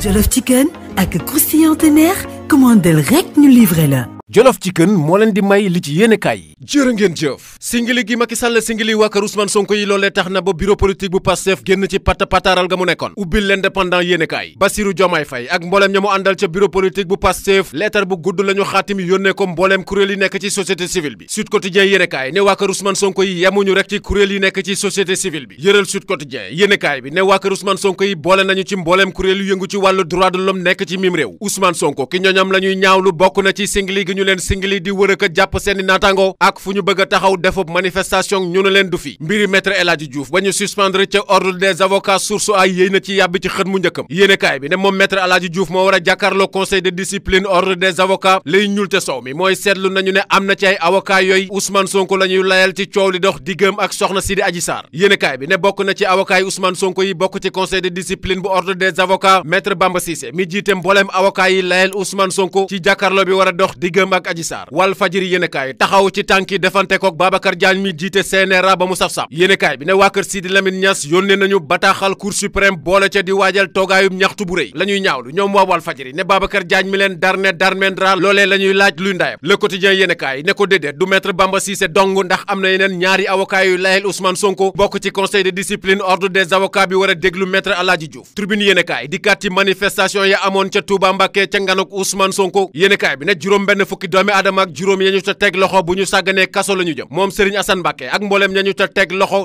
Jollof Chicken ak croustillante neex commandeel rekk ñu livré la Jolof Chicken moo leen di may li ci yéenekaay yi jërë ngeen jëf singili gi Macky Sall singili waa kër Ousmane Sonko yi loolee tax na ba bureau politique bu Pastef génn ci pata pataaral ga mu nekkoon ubbil l'indépendant yéenekaay Bassirou Diomaye Faye ak mbooleem ña mu àndal ca bureau politique bu Pastef leetar bu gudd la xaatim yónnee ko mbooleem kuréel yi nekk ci société civile bi Sud Quotidien yéenekaay ne waa kër Sonko yi yamuñu rek ci kuréel bokk na ñu leen singili di wër a jàpp seeni naataango ak fu ñu bëgg a taxaw defub manifestation ñu ne leen du fi mbiri maître El Hadji Diouf ba ñu suspendre ca ordre des avocats source ay yéy na ci yàbbi ci xët mu njëkkam yéenekaay bi ne moom maître El Hadji Diouf moo war a conseil de discipline ordre des avocats lay ñuul te sow mi mooy seetlu nañu ne am na ci ay avocats yooyu Ousmane Sonko la ñuy ci coow li dox diggam ak soxna si di Adji bi ne digganteem ak Adji Sarr wal fajiri yéenekaay taxaw ci tànki defante kook Babacar Diagne mi jiite CNRA ba mu saf-saf yéenekaay bi ne waa kër Sidi Lamine yónnee nañu bataaxal Cour suprême boole ca di waajal toogaayum ñaxtu bu rëy la ñuy ñaawlu ñoom waa wal fajiri ne Babacar Diagne mi leen darne darmendra loolee la ñuy laaj luy ndayam Le Quotidien yéenekaay ne ko déedéet du maître Bamba Cissé dong ndax am na yeneen ñaari avocat yu layel Sonko bokk ci a fukki doomi aadama ak juróom ya ñu ca teg loxo bu ñu sàgganee kaso la ñu jëm moom Serigne Assane Mbacke ak mbooleem ña ñu ca teg loxo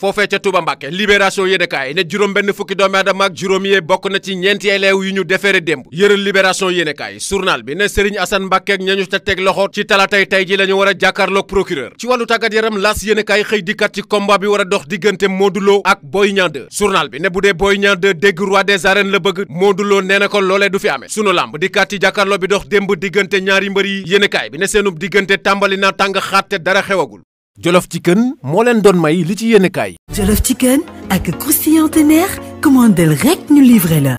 foofee ca Touba Mbacke libération yéenekaay ne juróom benn fukki doomi aadama ak juróom yee bokk na ci ñeenti élève yu ñu defeere démb yëral libération yéenekaay journal bi ne Serigne Assane Mbacke ak ca teg loxo ci talaatay tey ji la ñu war a jàkkaarloog procureur ci wàllu tàggat yaram las yéenekaay xëy dikkaat ci combat bi war dox diggante Modou ak Boy Niang 2 bi ne bu dee Boy Niang 2 dégg roi des arènes la bëgg Modou Lo nee na ko loolee du fi amee dox démb diggante ñaari mbër yi yéenekaay bi ne seenub diggante tàmbali na tàng xaat te dara xewagul. Jolof Chicken moo leen doon may li ci yéenekaay. Jolof Chicken ak croustillant teneer commandeel rek ñu livré la.